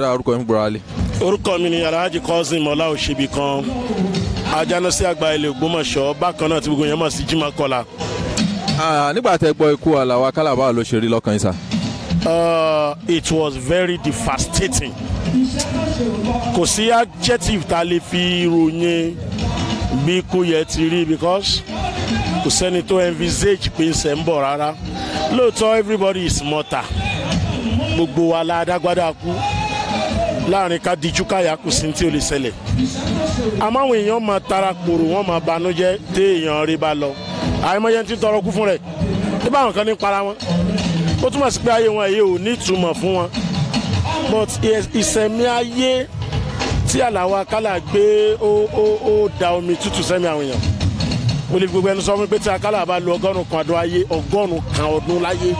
dára orúkọ yín gbọ́ra lé. orúkọ mi ni alhaji cousin mọ́lá òṣèbí kan ajánásí àgbà ilé Ògbómọ̀ṣọ́ bákan náà tí gbogbo yẹn mọ̀ sí jimá kọlá. nígbà tẹ́ gbọ́ ikú Àlàwá Kálá ló ṣe rí lọ́kàn yín sá. Uh, it was very devastating kò sí adjective tá a lè fi ròyìn bí ikú yẹn ti rí because kò sẹ́ni tó envisage pé ń sẹ́ ń bọ̀ rárá lóòótọ́ everybody is mortal gbogbo wa la adágbádá kú láàrin ká dijú káyà kù sí tí ó lè ṣẹlẹ̀ àmọ́ àwọn èèyàn máa tara kpòrò wọ́n máa banújẹ́ dé èèyàn rí ba lọ àìmọye ti tọrọ kú fún rẹ̀ nígbà wọn kan ní para wọn ó túmọ̀ sí pé ayé wọn yìí ò ní ìtumọ̀ fún wọn but ìsẹ̀mí ayé tí àlàó akálà gbé ó ó ó da omi tútù sẹ́mi àwọn èèyàn mo lè fi gbogbo ẹnu sọ fún mi pé tí akálà bá lo ọgọ́rùn-ún kan ọdún ayé ọgọ́rùn-ún kan ọdún láyé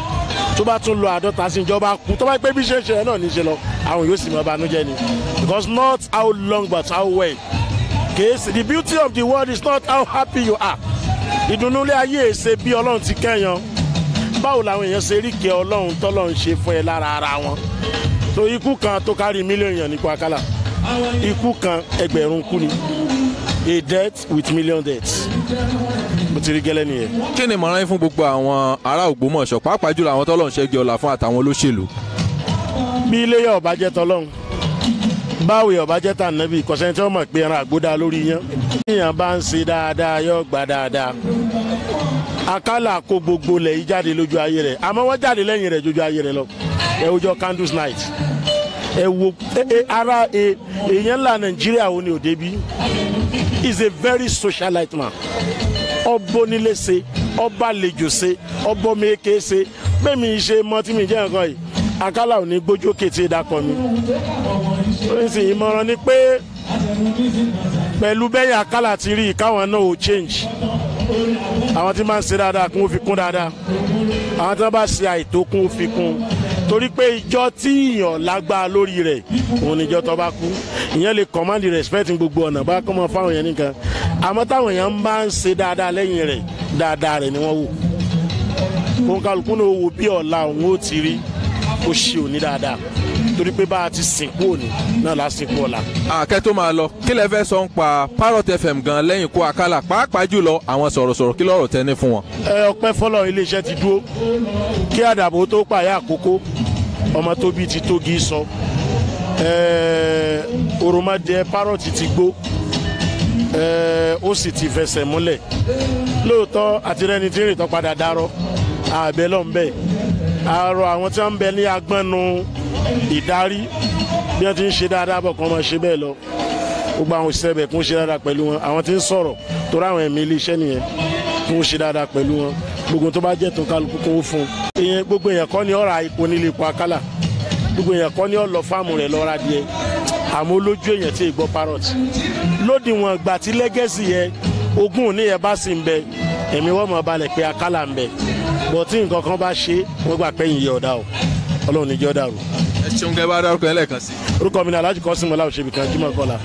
tó bá tún lọ àádọ́ta sí ìjọba kú tó bá pé bí ṣe ń ṣe náà ní lọ àwọn yóò sì mọ ìbànújẹ́ ni because not how long but how well kèésì the beauty of the world is not how happy you are ìdùnnú ilé ayé èsè bí ọlọ́run ti kẹ́yàn báwo làwọn èèyàn ṣe rí kẹ́ ọlọ́run tọ́lọ́run ṣe fún ẹ lára ara wọn tó ikú kan tó kárí mílíọ̀nù èèyàn ní Kwakala ikú kan ẹgbẹ̀rún kú ni a death with million deaths mo ti rí gẹ́lẹ́ nìyẹn. kí ni ìmọ̀ràn yín fún gbogbo àwọn ará Ògbómọ̀ṣọ́ pàápàá jùlọ àwọn tọ́lọ́run ṣẹ́gi ọ̀la fún àtàwọn olóṣèlú. bí ilé yọ̀ bá jẹ́ tọ́lọ́run báwo yọ̀ bá jẹ́ tà nẹ́bí kọ̀sẹ́ni tí wọ́n mọ̀ pé ẹran àgbódà lórí yẹn. èèyàn bá ń ṣe dáadáa yóò gbà dáadáa. akálà kó gbogbo lẹ̀ jáde lójú ayé rẹ̀ àmọ́ wọ́n jáde lẹ́yìn rẹ̀ lójú ayé rẹ̀ lọ ẹ̀ ẹ wo ara èèyàn ńlá nàìjíríà wo ni òde bí is a very socialite man ọbọ nílé ṣe ọba àlejò ṣe ọbọ mẹ́kẹ́ ṣe mẹ́mi ṣe mọ́ tí mi jẹ́ nǹkan yìí akálà ò ní gbójókè tí ì dakọ̀ mi oríṣi ìmọ̀ràn ni pé pẹ̀lú bẹ́yìn akálà ti rí káwọn náà ò change àwọn tí máa ń ṣe dáadáa kún ó fi kún dáadáa àwọn tí wọ́n bá ṣe àìtó kún ó fi kún torí pé ìjọ tí ìyàn lágbára lórí rẹ̀ òun níjọ tó bá kú ìyẹn lè command respect gbogbo ọ̀nà bá kọ́ mọ fáwọn èèyàn nìkan àmọ́ táwọn èèyàn bá ń ṣe dáadáa lẹ́yìn rẹ̀ dáadáa rẹ̀ ni wọ́n wò òun kálukú náà wò bí ọ̀la òun ó ti rí ó ṣe òní dáadáa torí pé bá a ti sìnkú òní náà la sìnkú ọ̀la. àkẹ́tó máa lọ kí lẹ fẹ́ sọ ń pa Parrot FM gan lẹ́yìn kó àkàlà pàápàá jùlọ àwọn sọ̀rọ̀sọ̀rọ̀ kí lọ́rọ̀ tẹ́ ní fún wọn. ẹ ọpẹ́ fọlọ iléeṣẹ́ ti dúró kí àdàbò tó pààyà àkókò ọmọ tóbi ti tógi sọ òròmọdé Parrot ti gbó ó sì ti fẹsẹ̀ múlẹ̀ lóòótọ́ àtirẹ́ni tí ń rìn tó padà dárọ́ àbẹ̀ lọ́nbẹ̀ àrò àwọn tí wọ́n ń bẹ ní agbọ́nu ìdarí bí wọ́n ti ń ṣe dáadáa bọ̀ kàn máa ṣe bẹ́ẹ̀ lọ gbogbo àwọn òṣìṣẹ́ bẹ̀ kún ṣe dáadáa pẹ̀lú wọn àwọn tí ń sọ̀rọ̀ torí àwọn ẹ̀mí iléeṣẹ́ nìyẹn kún ṣe dáadáa pẹ̀lú wọn gbogbo tó bá jẹ́ tó kálukú kó fún un. ìyẹn gbogbo èèyàn kọ́ ni ọ̀rọ̀ àìpo nílé ipò akálà gbogbo èèyàn kọ́ ni ó lọ fáàmù rẹ̀ lọ́ra díẹ̀ àmọ́ olójú èèyàn tí ìgbọ́ parrot lódiwọ̀n ìgbà tí lẹ́gẹ́sì yẹn ogún òní yẹn bá sì ń bẹ ẹ̀mí wọ́n mọ̀ balẹ̀ pé akálà ń bẹ bọ̀ tí nǹkan kan bá ṣe wọ́n gbà pẹ́yìn yẹ o ọlọ́run ní jọ́ dàrú ẹ ṣeun kẹ́ bá dárúkọ ẹlẹ́ẹ̀kan sí. orúkọ mi ni alhaji kọ́sìmọ́lá òṣèbìkan jimoh kọ́lá.